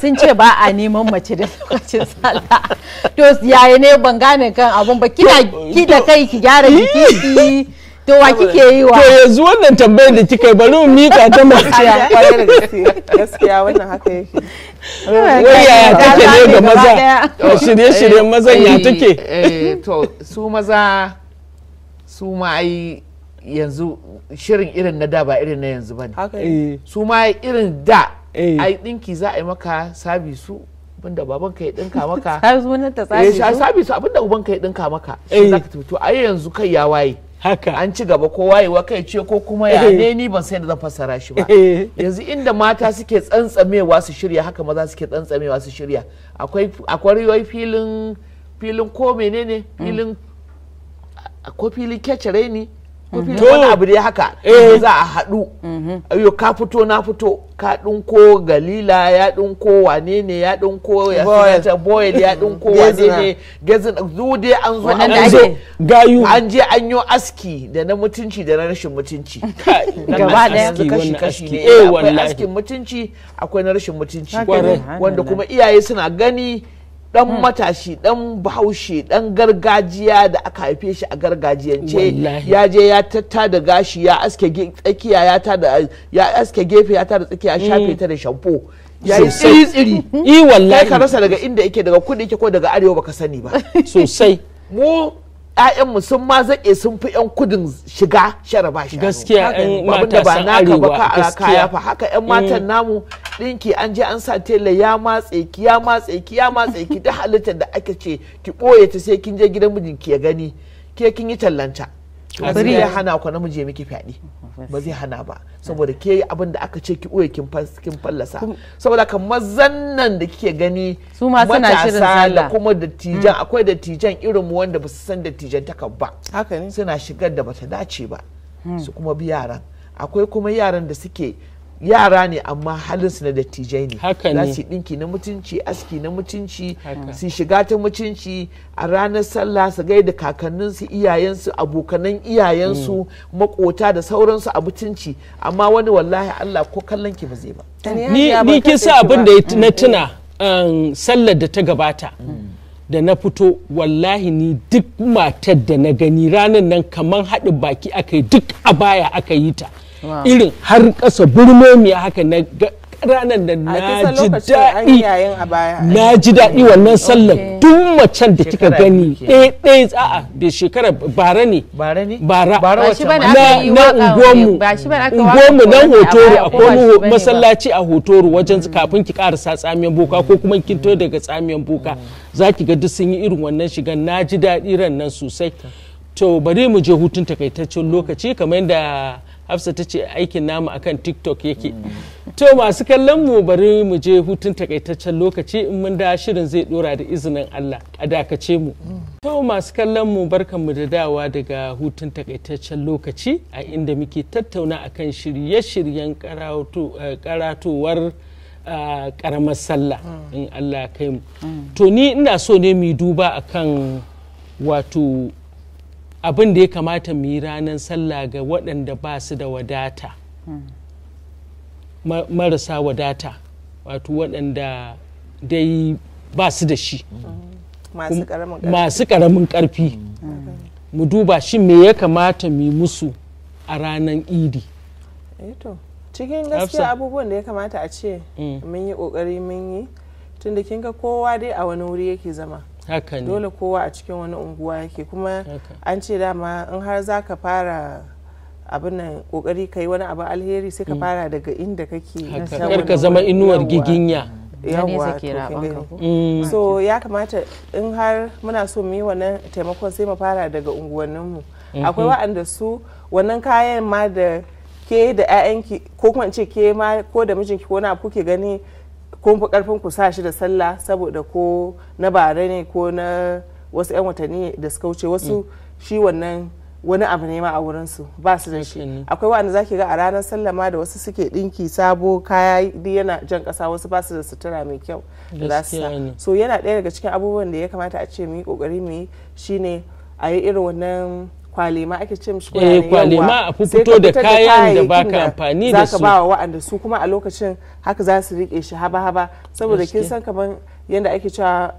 sun ce ba a neman mace da lokacin sallah to yaya ne ban gane kan abun ba kina ki da kai ki gyara jiki to wa kike yi wa to yanzu wannan tambayar da kika bari mu mika ta maciya gaskiya wannan haka yake wai yaya take ne ga maza shirye-shiryen eh, mazan ya eh, take eh, to su maza su ma ai yanzu shirin irin na da ba irin na yanzu ba ne su ma irin da ai dinki za a yi maka sabisu abinda babanka ya dinka maka sabisu abinda ka ya dinka maka Shi za ka to ai yanzu kai ya waye haka an ci gaba waye wa kai ce ko kuma ya eh. ne ni ban san da zan fassara shi ba eh. yanzu inda mata suke tsantsamewa su shirya haka maza suke tsantsamewa su shirya akwai akwai filin filin ko menene mm. filin ko filin kecere ne wani abu dai haka eh. za a haɗu mhm. ayo ka fito na fito ka ɗinko galila ya ɗinko wane ne ya ɗinko ya sunata boyle ya ɗinko wane ne gazin dai an zo an zo gayu an je an yi aski da na mutunci da na rashin mutunci gaba da yanzu kashi kashi ne eh, eh, akwai askin mutunci akwai na rashin mutunci wanda kuma iyaye suna gani dan hmm. matashi dan bahaushe dan gargajiya da aka haife shi a gargajiyance ya je ya tatta da gashi ya aske tsakiya ya ta da ya aske gefe ya ta da tsakiya shafe hmm. ta da shampo ya yi tsiri tsiri i wallahi ka rasa daga inda yake daga kudu yake ko daga arewa baka sani ba sosai mu ƴaƴanmu sun ma zaƙe sun fi yan kudin shiga sharaba shi gaskiya ƴan mata ba naka ba ka kaya fa haka ƴan matan mm. namu ɗinki an je an sa tela ya matse ki ya matse ki ya matse ki duk halittar da ake ce ki ɓoye ta sai kin je gidan mijinki ya gani ke kin yi tallanta bari ya hana ku namiji ya miki fyaɗe ba zai hana ba saboda ke abin da aka ce ki uwe kin kin fallasa saboda kan mazan nan da kike gani su ma suna shirin sallah kuma dattijan mm. akwai dattijan irin mu wanda ba su san dattijan takan ba suna shigar da bata dace ba hmm. su kuma bi yaran akwai kuma yaran da suke yara ne amma halinsu na dattijai ne za su ɗinki na mutunci aski na mutunci su shiga ta mutunci a ranar sallah su gaida kakanninsu iyayensu abokanan iyayensu mm. makota da sauransu a mutunci amma wani wallahi allah ko kallon ki ba zai ba ni kin sa abin da mm. na tuna um, sallar da ta gabata mm. da na fito wallahi ni duk matar da na gani ranar nan kamar haɗin baki aka duk a baya aka yi ta irin har ƙasa burmomiya haka na ranar da na ji daɗi na ji daɗi wannan sallar duk macen da kika gani ɗaya eh, eh, a'a da shekara bara ne bara na unguwanmu unguwanmu na hotoro a kwanu masallaci a hotoro wajen hmm. kafin ki karasa tsamiyan boka ko kuma kin to daga tsamiyan boka hmm. za ki ga duk sun yi irin wannan shiga na ji daɗi ran nan sosai to bari mu je hutun takaitaccen lokaci kamar yadda hafsa ta ce aikin namu akan tiktok yake to masu kallon mu bari mu je hutun takaitaccen lokaci in mun da shirin zai dora da izinin allah a dakace mu to masu kallon mu barkan mu da dawa daga hutun takaitaccen lokaci a inda muke tattauna akan shirye-shiryen eh, karatowar eh, karamar sallah in allah kai mu mm. to ni ina so ne mu duba akan wato abin da ya kamata mu yi ranar sallah ga waɗanda ba su da wadata marasa wadata wato waɗanda dai ba su da shi masu ƙaramin ƙarfi mu duba shi me ya kamata mu yi musu a ranar idi eh cikin gaskiya abubuwan da ya kamata a ce mm. mun yi ƙoƙari mun yi tunda kin ga kowa dai a wani wuri yake zama dole kowa a cikin wani unguwa yake kuma an ce dama in har za ka fara abin nan kokari ka yi wani abu alheri sai ka mm. fara daga inda kake kar ka zama inuwar giginya mm. so ya kamata in har muna so mu yi wannan taimakon sai mu fara daga unguwanninmu mm-hmm. akwai waɗanda su wannan kayan ma da ke da 'ya'yanki ko kuma ce ke ma ko da mijinki ko na kuke gani kun fi karfin ku sa shi da sallah saboda ko na bare ne ko na wasu 'yan watanni da suka wuce wasu mm. shi wannan wani abu ne ma a wurinsu ba su da shi akwai wanda zaki ga a ranar sallama da wasu suke dinki sabo kaya duk yana jan kasa wasu ba su da sutura mai kyau da so yana ɗaya daga cikin abubuwan da ya kamata a ce mu yi kokari mu yi shine a yi irin wannan kwalema ake ce mishi eh kwalema a fito da kayan da baka amfani da su zaka ba wa su kuma a lokacin haka za su rike shi haba haba saboda kin san kaman yanda ake cewa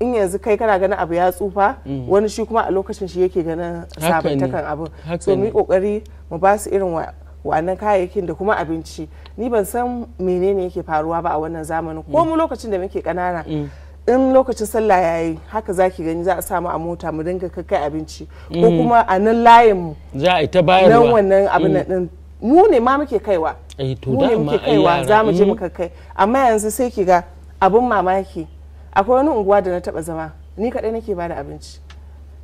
in yanzu kai kana ganin abu ya tsufa mm. wani shi kuma a lokacin shi yake ganin sabantakan abin so mu kokari mu ba su irin wannan kayayyakin da kuma abinci ni ban san menene yake faruwa ba a wannan zamanin ko mu mm. lokacin da muke kanana mm. in lokacin sallah ya yi haka za ki gani za a samu a mota mu dinga kai abinci ko mm-hmm. kuma a nan layin mu za a ita bayarwa nan wannan abin mm. din mu ne ma muke kaiwa eh, mu ne muke kaiwa za mu je mm. muka kai amma yanzu sai ki ga abin mamaki akwai wani unguwa da na taba zama ni kadai nake bada abinci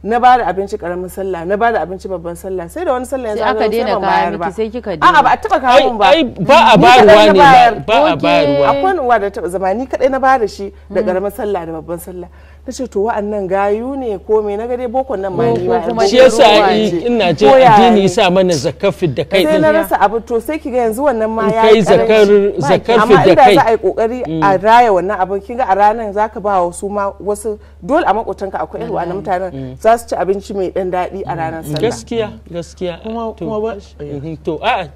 na ba da abinci karamin sallah na ba da abinci babban sallah sai da wani sallah yanzu aka daina kayan ba sai kika daina a'a ba a taba kawo mun ba ba a bayarwa ne ba a bayarwa akwai uwa da zama kadai na ba da shi da karamin mm. sallah da babban sallah ta ce to wa'annan gayu ne ko me na gade bokon nan ma ni ba. shi yasa ina ce addini sa mana zakafi da kai sai na rasa abu to sai kiga yanzu wannan ma ya kai zakar zakafi da kai amma idan za a yi kokari a mm. raya wannan abin kinga a ranar zaka ba wa su ma wasu dole a makotanka akwai irin wannan mm. mutanen mm. za su ci abinci mai dan daɗi a ranar sallah gaskiya gaskiya kuma ba mm-hmm. to a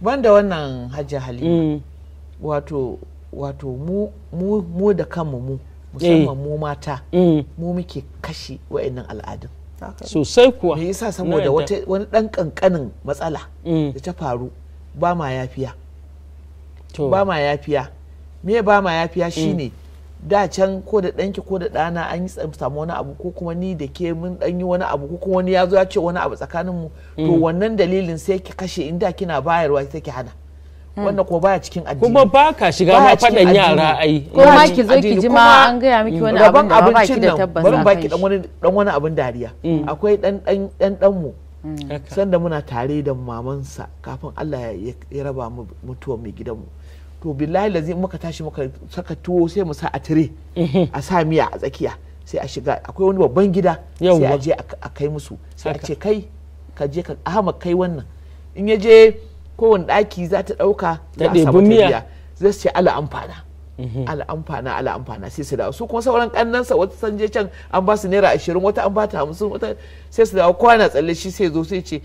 banda wannan hajji halima wato wato mu mu da kanmu mu musamman eh. mu mata mm. mu muke kashe wa'annan al'adun sosai kuwa me yasa saboda wani dan kankanin matsala mm. da ta faru ba ma yafiya ba ma yafiya me ba ma yafiya mm. shine da can ko da danki ko da dana an yi samu wani abu ko kuma ni da ke mun dan yi wani abu ko kuma wani ya zo ya ce wani abu tsakanin mu. to wannan dalilin sai ki kashe inda kina bayarwa sai ki hana Hmm. wanda ko baya cikin addini kuma ba ka shiga ma fadan yara ai Kuma ki zo ki ji ma an gaya miki wani abin da ba ki da tabbas bari baki dan wani dan wani abin dariya hmm. akwai dan dan dan dan mu hmm. sanda muna tare da mamansa kafin Allah ya raba mu mutuwa mai gidan mu. to billahi lazim muka tashi muka saka tuwo sai mu sa a tire a sa miya a tsakiya sai a shiga akwai wani babban gida sai a je a kai musu sai a ce kai ka je ka ahmad kai wannan in ya je kowane ɗaki za ta ɗauka ta a miya zai ce ala amfana mhm. ala amfana ala amfana sai su dawo su kuma sauran sa wata san je can an ba su naira ashirin wata an ba ta hamsin wata sai su dawo kwana tsalle shi sai zo sai ce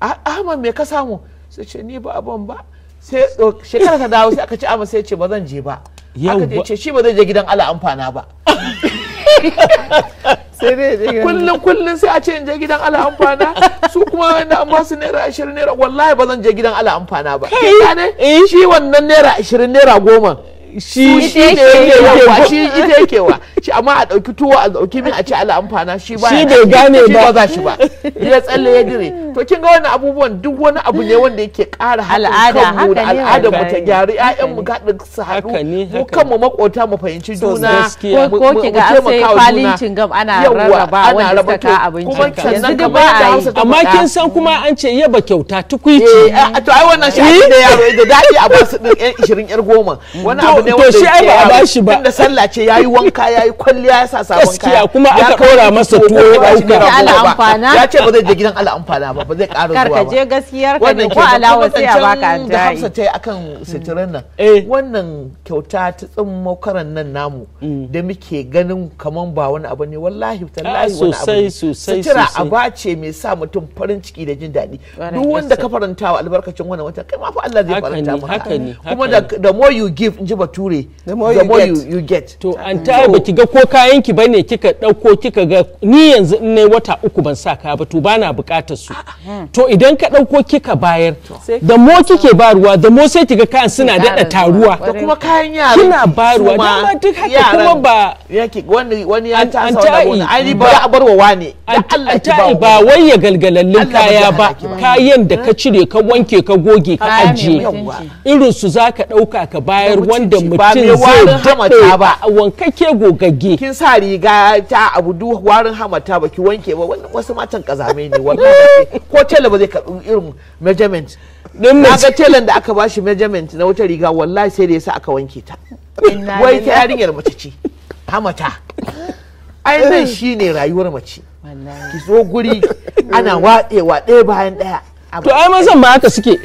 ahmad me ka samu sai ce ni ba abin ba sai shekara ta dawo sai aka ci amma sai ce ba zan je ba aka ce shi ba zai je gidan ala amfana ba je kullum kullum sai a ce in je gidan ala amfana su kuma wanda an basu naira ashirin naira wallahi ba zan je gidan ala amfana ba kai ne eh. shi wannan naira ashirin naira goma shi shi ne yake wa shi ita yake wa shi amma a dauki tuwo a dauki min a ci ala amfana shi ba shi da gane ba ba shi ba ya tsalle ya dire to kin ga wannan abubuwan duk wani abu ne wanda yake ƙara al'ada haka ne al'ada mu ta gyaru ƴaƴan mu kada su haɗu mu kanmu makota mu fahimci juna ko ki ga sai falincin gam ana rarraba wanda suka ka abinci yanzu duk ba a yi amma kin san kuma an ce yaba kyauta tukuici eh, to ai wannan shi eh? da yaro da dadi a basu din 20 yar goma wani abu ne to shi ai ba a bashi ba tunda sallah ce yayi wanka yayi kwalliya ya sa sabon kaya kuma aka dora masa tuwo ya dauka ya ce ba zai je gidan Allah amfana ba ba zai ƙara zuwa ba karka je gaskiyar ka ne ko alawa sai a baka an da Hafsa ta yi akan sitirin nan mm. eh. wannan kyauta ta tsin karan nan namu mm. da muke ganin kaman ba wani abu ne wallahi tallahi ah, wani abu sosai sosai sitira aba ce mai sa mutum farin ciki da jin daɗi duk wanda ka faranta wa albarkacin wannan wata kai ma fa Allah zai faranta maka kuma da more you give in ji ba bature the more, you, get. You, get to mm. an ta ba ki ga ko kayan ki bane kika dauko kika ga ni yanzu in ne wata uku ban sa ka ba to bana bukatar su ah, ah. Hmm. to idan ka dauko kika bayar da mo kike barwa da mo sai kiga kayan suna dada taruwa da kuma kayan yara kina barwa dama duk haka kuma ba yake wani wani ya ta sa wani ai ba ya barwa wani Allah ta ba wai ya galgalallin kaya ba kayan da ka cire ka wanke ka goge ka ajiye irin su zaka dauka ka bayar wanda mutum warin hamata ba wankake gogagge kin sa riga ta abu duk warin hamata ba ki wanke ba wasu matan kazame ne wallahi ko tela ba zai karɓi irin measurement din na ga telan da aka bashi measurement na wata riga wallahi sai da yasa aka wanke ta wai ta yarinyar mace ce hamata ai nan shine rayuwar mace ki zo guri ana watsewa ɗaya bayan ɗaya to ai mazan ma haka suke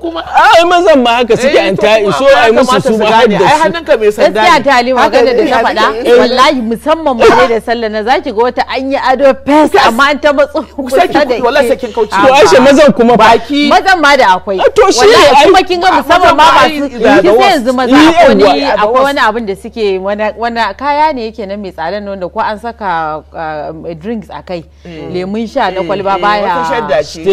kuma ai mazan ma haka eh, suke an ta iso ai musu su ma hadda su ai ka mai sanda gaskiya tali magana da ta faɗa wallahi musamman ma da sallah na zaki ga wata anyi ado fes amma an ta matso kusa da wallahi sakin kauci to aisha mazan kuma baki mazan ma da akwai ah, to shi ai kuma kin ga musamman ma ba Ki sai yanzu maza akwai akwai wani abin da suke wani kaya ne yake nan mai tsada wanda ko an saka ah, drinks akai mm. lemun sha na mm, kwalba mm, baya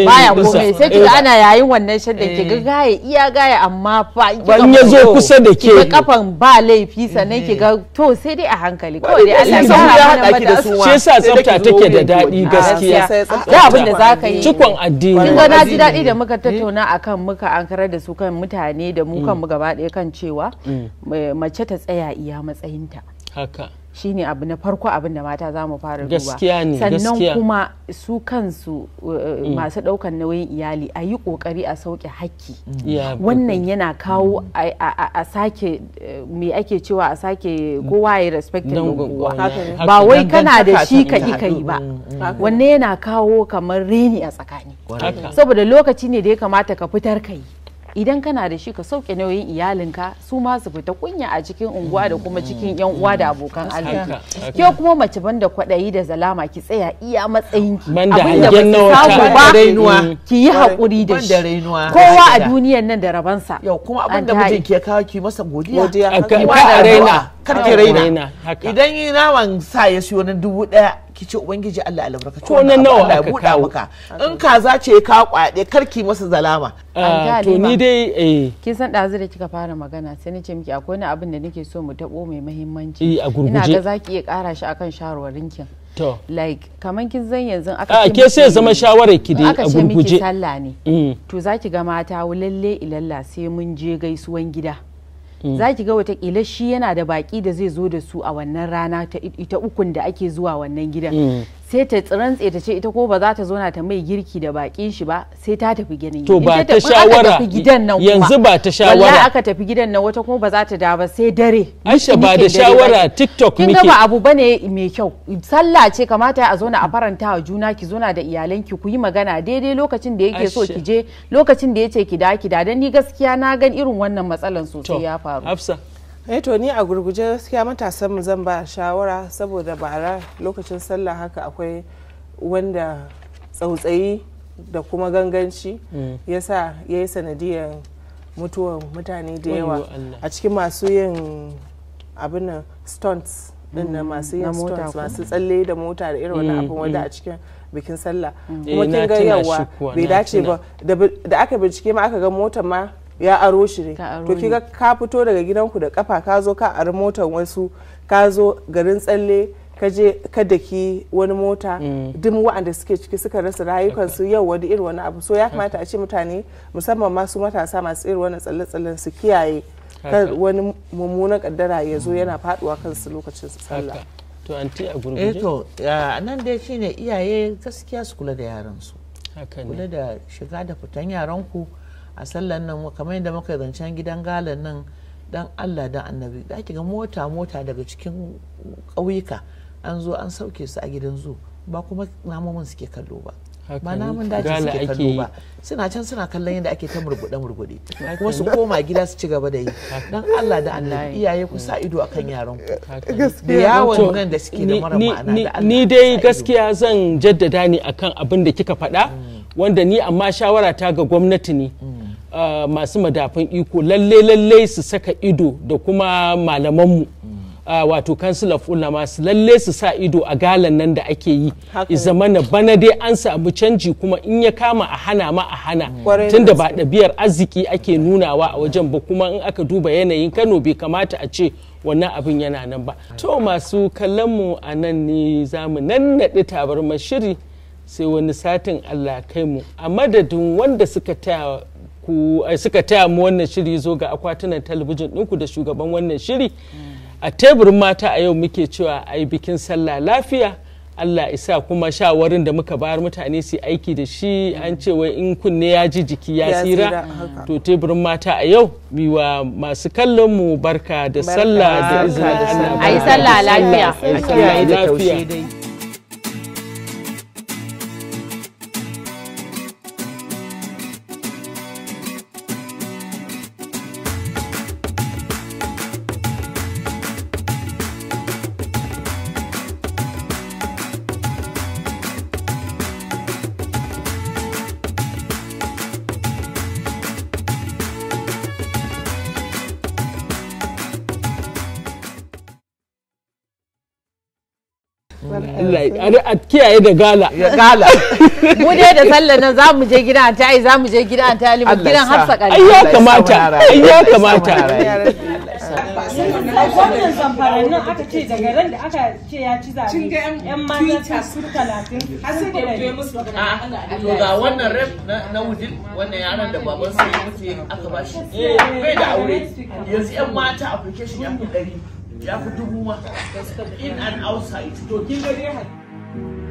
baya komai eh sai kiga eh. ana yayin wannan shaddan ga gaye iya gaya amma fa ban ya zo kusa da ke ki eh. kafan ba laifi sannan eh. ga to sai dai a hankali kawai dai Allah ya da ki da su shi yasa tsafta take da daɗi gaskiya da abin da zaka yi cikon addini ga na ji dadi da muka tattauna akan muka ankarar da su kan mutane da mu mm. kan mu gaba daya kan cewa mm. mace ta tsaya iya matsayinta haka shine abu na farko abin da mata za mu fara duba sannan kuma su kansu uh, uh, mm. masu daukan nauyin iyali a yi kokari a sauke hakki mm. wannan yana kawo mm. a sake uh, me ake cewa a sake kowa ya respect kowa ba wai kana da shi ka ka yi ba wanne yana kawo kamar reni a tsakani saboda lokaci ne da ya kamata ka fitar ka yi idan kana da shi ka sauke nauyin iyalinka su ma su fita kunya a cikin unguwa da kuma cikin yan uwa da abokan arziki ke kuma mace banda kwaɗayi da zalama ki tsaya iya matsayin ki abinda ba ki samu ba ki yi haƙuri da shi kowa a duniyan nan da rabansa yau kuma abinda mijinki ya kawo ki masa godiya ka raina kar ki raina idan yi naman sa ya siyo na dubu daya ki ce ubangiji Allah albarka ko na nawa aka kawo maka in za ce ka kwade kar ki masa zalama ah, to ni dai eh kin san dazu da kika fara magana sai nace miki akwai wani abin da nake so mu tabo mai muhimmanci eh, ina ga zaki iya kara shi akan shawarwarin kin to like kaman kin zan yanzu aka ah, ke sai zama shawarar ki dai a gurguje aka ce miki sallah ne mm. to zaki ga mata lalle ilalla sai mun je gaisuwan gida Mm. za ki ga watakila shi yana da baki da zai zo da su a wannan rana ita ukun da ake zuwa wannan gidan mm. sai ta tsirantse ta ce ita ko ba za ta zo na ta mai girki da bakin shi ba sai ta tafi gidan to ba ta shawara yanzu ba ta shawara wallahi aka tafi gidan nan wata kuma ba za ta da ba sai dare Aisha ba da shawara TikTok muke kin ba abu bane mai kyau sallah ce kamata a zauna a faranta wa juna ki zauna da iyalanki ku yi magana daidai lokacin da yake so ki je lokacin da yace ki da ki da dan ni gaskiya na gan irin wannan matsalan sosai ya faru Hafsa eh to ni a gurguje gaskiya matasan mu zan ba shawara saboda bara lokacin sallah haka akwai wanda tsautsayi da kuma ganganci mm. sa ya yi sanadiyar mutuwan mutane da yawa a cikin masu yin abin stunts din na mm. masu yin stunts masu tsalle da mota da irin wani mm, abin wanda a cikin bikin sallah kuma eh, kin ga yawa bai dace ba da aka bincike ma aka ga motar ma ya aro shi ne to kiga ka fito daga gidanku da kafa ka zo ka ar motar wasu ka zo garin tsalle ka je ka daki wani mota mm. duk wa'anda suke ciki suka rasa rayukansu yau wani irin wani abu so ya kamata a ce mutane musamman masu matasa masu irin wani tsalle-tsallen su kiyaye kar wani mummunan kaddara ya zo mm. yana faduwa kansu lokacin sallah to anti a gurguje eh to nan dai shine iyaye gaskiya su kula da yaran su kula da shiga da fitan yaran ku a sallan nan kamar yadda muka zancen gidan galan nan dan allah dan annabi da ga mota mota daga cikin ƙauyuka an zo an sauke su a gidan zu ba kuma namomin suke kallo ba ba namun daji suke kallo ba suna can suna kallon yadda ake ta murgude murgude kuma su koma gida su ci gaba da yi dan Allah da annabi iyaye ku sa ido akan yaran ku da yawon nan da suke da mara ma'ana ni dai gaskiya zan jaddada ni akan abin da kika faɗa mm. wanda ni amma shawara ta ga gwamnati ne mm. masu madafan iko lalle lalle su saka ido da kuma malamanmu wato kansilaf fula ulama su lalle su sa ido a galan nan da ake yi izamana bana dai an samu canji kuma in ya kama a hana ma a hana mm. tunda ba ɗabiyar arziki ake nunawa a wajen ba kuma in aka duba yanayin kano bai kamata a ce wannan abin yana nan ba to masu kallon mu a nan ne za mu nannaɗi tabar shiri sai wani satin allah kai mu a madadin wanda suka taya ku eh, suka taya mu wannan shiri zo ga akwatunan talabijin ɗinku da shugaban wannan shiri a teburin mata a yau muke cewa a yi bikin sallah lafiya Allah isa kuma shawarin da muka bayar mutane su aiki da shi an ce wai in kunne ya ji jiki ya tsira to teburin mata a yau biwa masu kallon mu barka da sallah da izinin Allah a yi sallah lafiya a kiyaye da gala ya gala mu dai da sallar nan zamu je gidan ta ai zamu je gidan ta limu gidan har sakali ai ya kamata ai ya kamata wannan zamfaran nan aka ce daga ran da aka ce ya ci zaɓe yan mata su talatin har da ah, ga wannan rep na wannan yaran da baban ya mutu aka ba eh, ya fi ya fi in and outside Thank you.